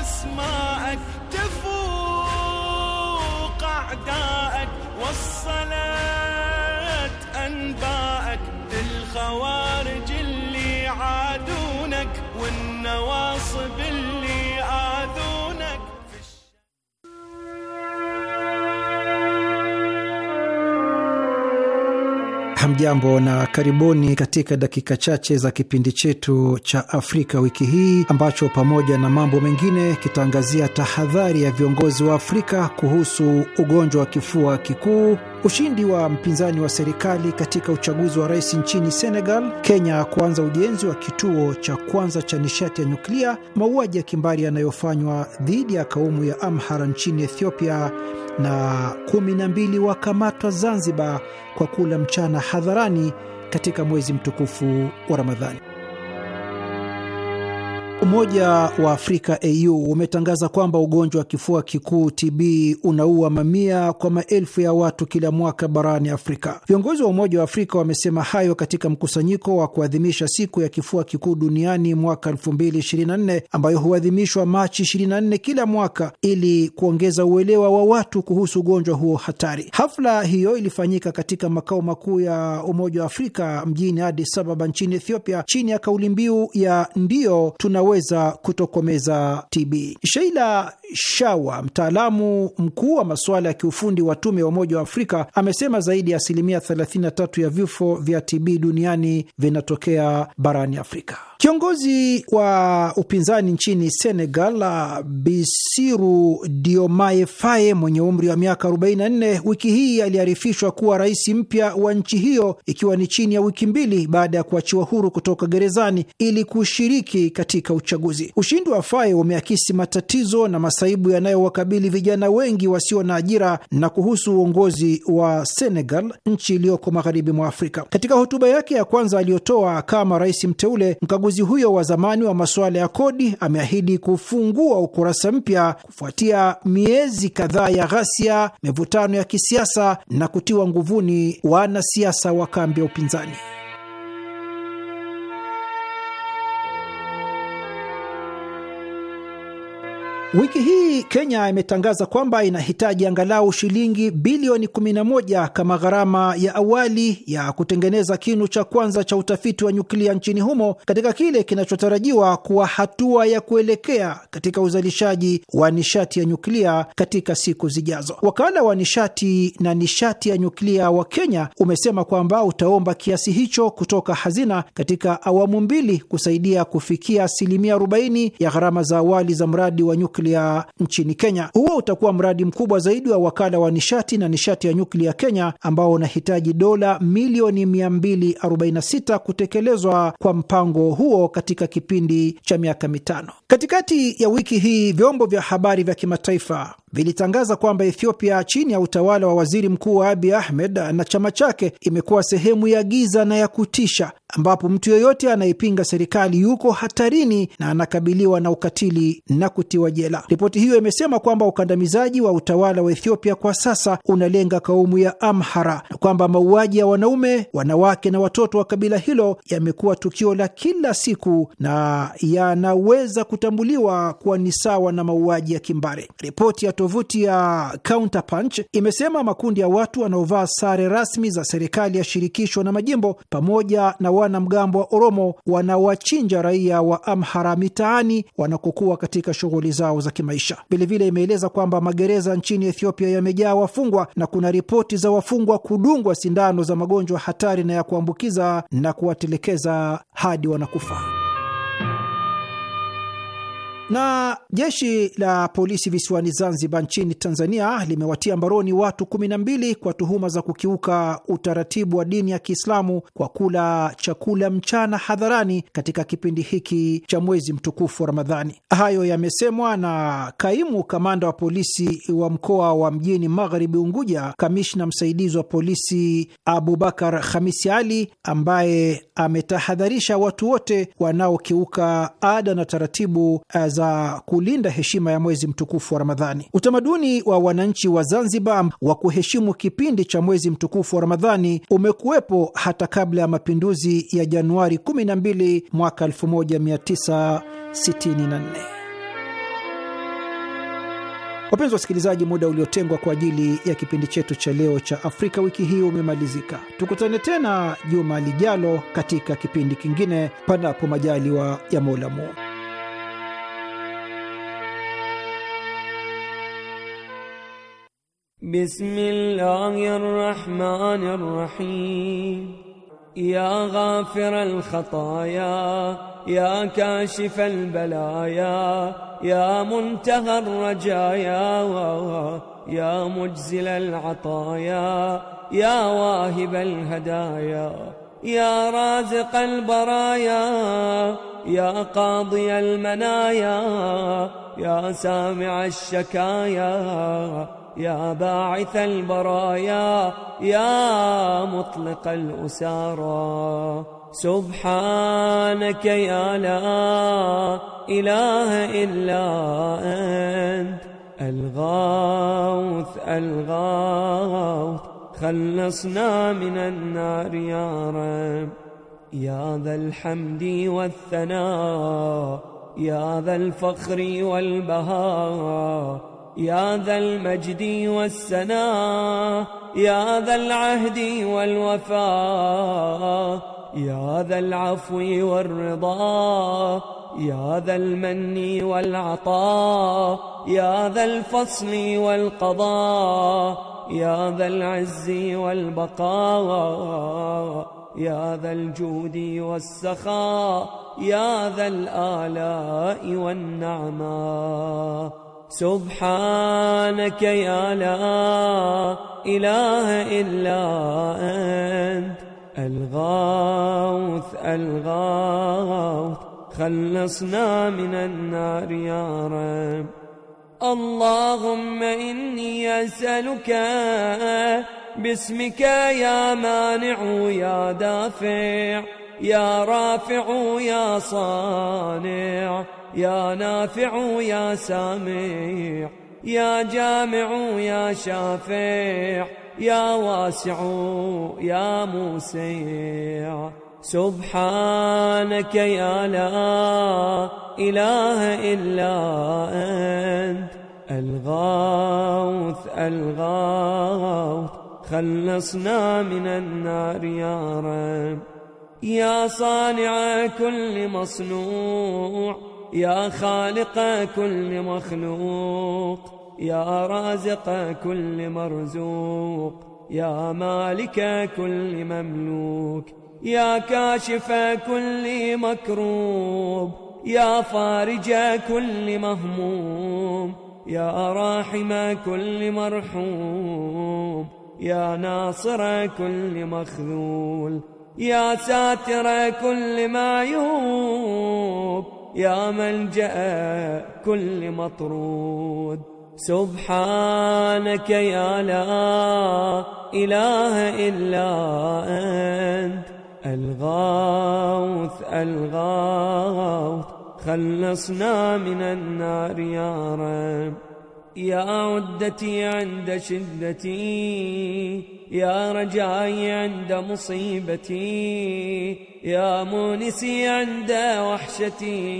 أسماءك تفوق أعدائك وصلت أنباءك الخوارج اللي عادوا عيونك والنواصب اللي Hamjambo na karibuni katika dakika chache za kipindi chetu cha Afrika wiki hii ambacho pamoja na mambo mengine kitaangazia tahadhari ya viongozi wa Afrika kuhusu ugonjwa wa kifua kikuu Ushindi wa mpinzani wa serikali katika uchaguzi wa rais nchini Senegal, Kenya kuanza ujenzi wa kituo cha kwanza cha nishati ya nyuklia, mauaji ya kimbari yanayofanywa dhidi ya kaumu ya Amhara nchini Ethiopia na 12 wakamatwa Zanzibar kwa kula mchana hadharani katika mwezi mtukufu wa Ramadhani. Umoja wa Afrika AU umetangaza kwamba ugonjwa wa kifua kikuu TB unaua mamia kwa maelfu ya watu kila mwaka barani Afrika. Viongozi wa Umoja wa Afrika wamesema hayo katika mkusanyiko wa kuadhimisha siku ya kifua kikuu duniani mwaka 2024 ambayo huadhimishwa Machi 24 kila mwaka ili kuongeza uelewa wa watu kuhusu ugonjwa huo hatari. Hafla hiyo ilifanyika katika makao makuu ya Umoja wa Afrika mjini Addis Ababa nchini Ethiopia, chini ya kauli mbiu ya ndio tuna unaweza kutokomeza TB. Sheila Shawa, mtaalamu mkuu wa masuala ya kiufundi wa tume ya Umoja wa Afrika, amesema zaidi ya asilimia 33 ya vifo vya TB duniani vinatokea barani Afrika. Kiongozi wa upinzani nchini Senegal, Bisiru Diomaye Faye, mwenye umri wa miaka 44, wiki hii aliarifishwa kuwa rais mpya wa nchi hiyo, ikiwa ni chini ya wiki mbili baada ya kuachiwa huru kutoka gerezani ili kushiriki katika katika uchaguzi. Ushindi wa Faye umeakisi matatizo na masaibu yanayowakabili vijana wengi wasio na ajira na kuhusu uongozi wa Senegal, nchi iliyoko magharibi mwa Afrika. Katika hotuba yake ya kwanza aliyotoa kama rais mteule, mkaguzi huyo wa zamani wa masuala ya kodi ameahidi kufungua ukurasa mpya kufuatia miezi kadhaa ya ghasia, mivutano ya kisiasa na kutiwa nguvuni wanasiasa wa kambi ya upinzani. Wiki hii Kenya imetangaza kwamba inahitaji angalau shilingi bilioni 11 kama gharama ya awali ya kutengeneza kinu cha kwanza cha utafiti wa nyuklia nchini humo katika kile kinachotarajiwa kuwa hatua ya kuelekea katika uzalishaji wa nishati ya nyuklia katika siku zijazo. Wakala wa nishati na nishati ya nyuklia wa Kenya umesema kwamba utaomba kiasi hicho kutoka hazina katika awamu mbili kusaidia kufikia asilimia 40 ya gharama za awali za mradi wa nyuklia nyuklia nchini Kenya. Huo utakuwa mradi mkubwa zaidi wa wakala wa nishati na nishati ya nyuklia Kenya ambao unahitaji dola milioni 246 kutekelezwa kwa mpango huo katika kipindi cha miaka mitano. Katikati ya wiki hii vyombo vya habari vya kimataifa vilitangaza kwamba Ethiopia chini ya utawala wa waziri mkuu wa abi Ahmed na chama chake imekuwa sehemu ya giza na ya kutisha, ambapo mtu yoyote anayepinga serikali yuko hatarini na anakabiliwa na ukatili na kutiwa jela. Ripoti hiyo imesema kwamba ukandamizaji wa utawala wa Ethiopia kwa sasa unalenga kaumu ya Amhara na kwamba mauaji ya wanaume, wanawake na watoto wa kabila hilo yamekuwa tukio la kila siku na yanaweza kutambuliwa kuwa ni sawa na mauaji ya kimbare Ripoti ya Tovuti ya Counterpunch imesema makundi ya watu wanaovaa sare rasmi za serikali ya shirikisho na majimbo pamoja na wanamgambo wa Oromo wanawachinja raia wa Amhara mitaani wanakokuwa katika shughuli zao za kimaisha. Vilevile imeeleza kwamba magereza nchini Ethiopia yamejaa wafungwa na kuna ripoti za wafungwa kudungwa sindano za magonjwa hatari na ya kuambukiza na kuwatelekeza hadi wanakufa. Na jeshi la polisi visiwani Zanzibar nchini Tanzania limewatia mbaroni watu 12 kwa tuhuma za kukiuka utaratibu wa dini ya Kiislamu kwa kula chakula mchana hadharani katika kipindi hiki cha mwezi mtukufu wa Ramadhani. Hayo yamesemwa na kaimu kamanda wa polisi wa mkoa wa mjini Magharibi Unguja, kamishna msaidizi wa polisi Abubakar Hamisi Ali, ambaye ametahadharisha watu wote wanaokiuka ada na taratibu eh, za za kulinda heshima ya mwezi mtukufu wa Ramadhani. Utamaduni wa wananchi wa Zanzibar wa kuheshimu kipindi cha mwezi mtukufu wa Ramadhani umekuwepo hata kabla ya mapinduzi ya Januari 12 mwaka 1964. Wapenzi wasikilizaji, muda uliotengwa kwa ajili ya kipindi chetu cha leo cha Afrika wiki hii umemalizika. Tukutane tena juma lijalo katika kipindi kingine, panapo majaliwa ya Mola Mungu. بسم الله الرحمن الرحيم يا غافر الخطايا يا كاشف البلايا يا منتهى الرجايا يا مجزل العطايا يا واهب الهدايا يا رازق البرايا يا قاضي المنايا يا سامع الشكايا يا باعث البرايا يا مطلق الأسارى سبحانك يا لا إله إلا أنت الغوث الغوث خلصنا من النار يا رب يا ذا الحمد والثناء يا ذا الفخر والبهاء يا ذا المجد والسناء يا ذا العهد والوفاء يا ذا العفو والرضا يا ذا المن والعطاء يا ذا الفصل والقضاء يا ذا العز والبقاء يا ذا الجود والسخاء يا ذا الآلاء والنعماء سبحانك يا لا إله إلا أنت الغوث الغوث خلصنا من النار يا رب اللهم إني أسألك باسمك يا مانع يا دافع يا رافع يا صانع يا نافع يا سامع يا جامع يا شافع يا واسع يا موسع سبحانك يا لا إله إلا أنت الغوث الغوث خلصنا من النار يا رب يا صانع كل مصنوع يا خالق كل مخلوق يا رازق كل مرزوق يا مالك كل مملوك يا كاشف كل مكروب يا فارج كل مهموم يا راحم كل مرحوم يا ناصر كل مخذول يا ساتر كل معيوب يا ملجأ كل مطرود سبحانك يا لا إله إلا أنت الغوث الغوث خلصنا من النار يا رب يا عدتي عند شدتي يا رجائي عند مصيبتي يا مونسي عند وحشتي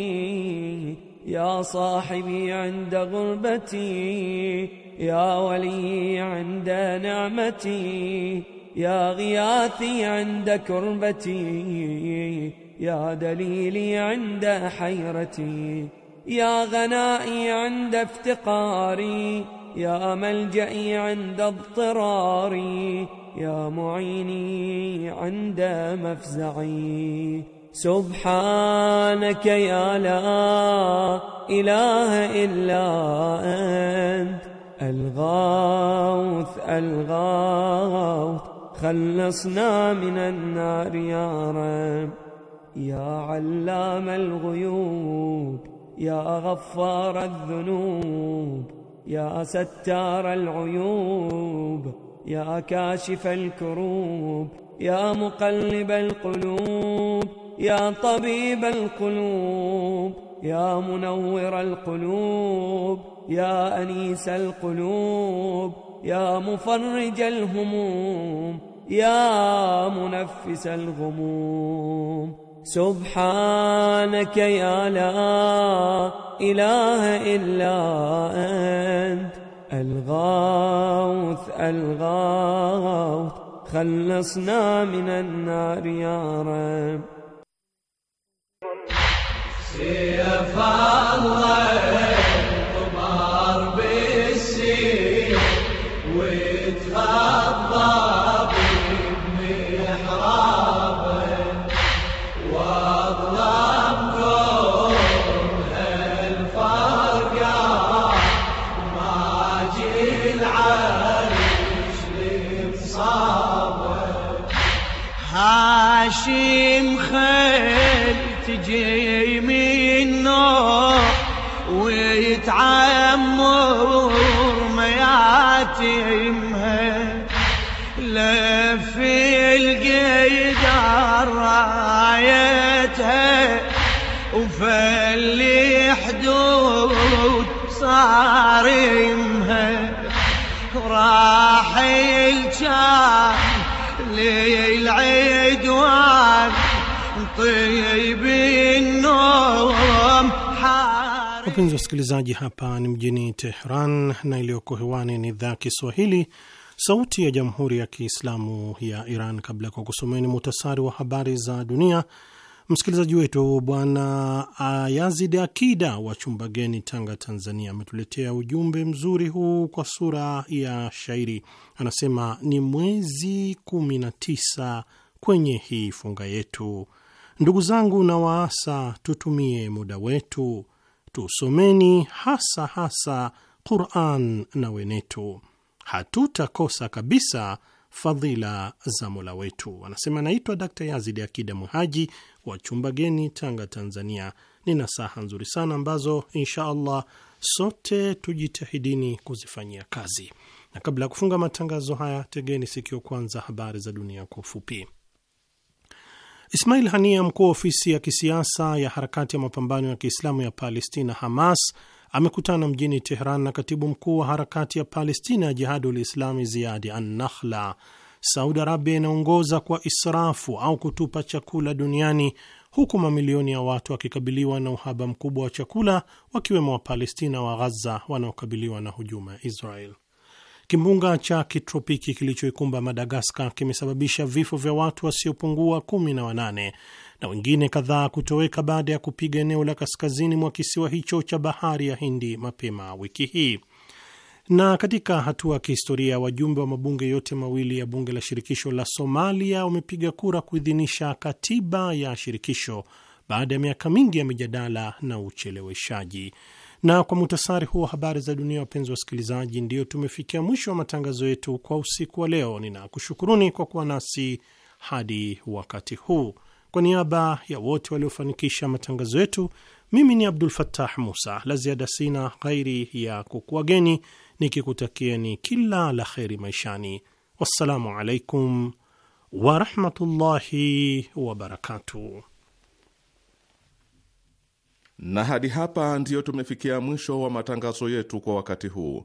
يا صاحبي عند غربتي يا ولي عند نعمتي يا غياثي عند كربتي يا دليلي عند حيرتي يا غنائي عند افتقاري يا ملجئي عند اضطراري يا معيني عند مفزعي سبحانك يا لا إله إلا أنت الغوث الغوث خلصنا من النار يا رب يا علام الغيوب يا غفار الذنوب يا ستار العيوب يا كاشف الكروب يا مقلب القلوب يا طبيب القلوب يا منور القلوب يا أنيس القلوب يا مفرج الهموم يا منفس الغموم سبحانك يا لا إله إلا أنت الغوث الغوث خلصنا من النار يا رب سيف الله حاشم خيل تجي من ويتعمر مياتمها لف القيد رايتها وفلي حدود صارمها راح الجار لي العدوان طيبي النوم Wapenzi wasikilizaji, hapa ni mjini Tehran na iliyoko hewani ni idhaa Kiswahili sauti ya jamhuri ya Kiislamu ya Iran. Kabla ya kukusomeni muhtasari wa habari za dunia Msikilizaji wetu Bwana Yazid Akida wa Chumbageni, Tanga, Tanzania, ametuletea ujumbe mzuri huu kwa sura ya shairi. Anasema ni mwezi kumi na tisa kwenye hii funga yetu. Ndugu zangu, na waasa tutumie muda wetu, tusomeni hasa hasa Quran na wenetu, hatutakosa kabisa fadhila za Mola wetu. Anasema, naitwa Dakta Yazidi Akida Mwehaji wa chumba geni, Tanga, Tanzania. Ni nasaha nzuri sana ambazo insha allah sote tujitahidini kuzifanyia kazi. Na kabla ya kufunga matangazo haya, tegeni sikio kwanza habari za dunia kwa ufupi. Ismail Hania, mkuu wa ofisi ya kisiasa ya harakati ya mapambano ya Kiislamu ya Palestina, Hamas, amekutana mjini Tehran na katibu mkuu wa harakati ya Palestina ya Jihadul Islami Ziyadi annahla Saudi Arabia inaongoza kwa israfu au kutupa chakula duniani huku mamilioni ya watu wakikabiliwa na uhaba mkubwa wa chakula wakiwemo Wapalestina wa Ghaza wanaokabiliwa na hujuma ya Israel. Kimbunga cha kitropiki kilichoikumba Madagaskar kimesababisha vifo vya watu wasiopungua kumi na wanane na wengine kadhaa kutoweka baada ya kupiga eneo la kaskazini mwa kisiwa hicho cha bahari ya Hindi mapema wiki hii. Na katika hatua ya kihistoria, wajumbe wa mabunge yote mawili ya bunge la shirikisho la Somalia wamepiga kura kuidhinisha katiba ya shirikisho baada ya miaka mingi ya mijadala na ucheleweshaji. Na kwa muhtasari huo habari za dunia, wapenzi wa wasikilizaji, ndiyo tumefikia mwisho wa matangazo yetu kwa usiku wa leo. Ninakushukuruni kwa kuwa nasi hadi wakati huu. Kwa niaba ya wote waliofanikisha matangazo yetu, mimi ni Abdul Fattah Musa. La ziada sina ghairi ya kukuwageni nikikutakieni kila la kheri maishani. Wassalamu alaikum warahmatullahi wabarakatuh. Na hadi hapa ndiyo tumefikia mwisho wa matangazo yetu kwa wakati huu.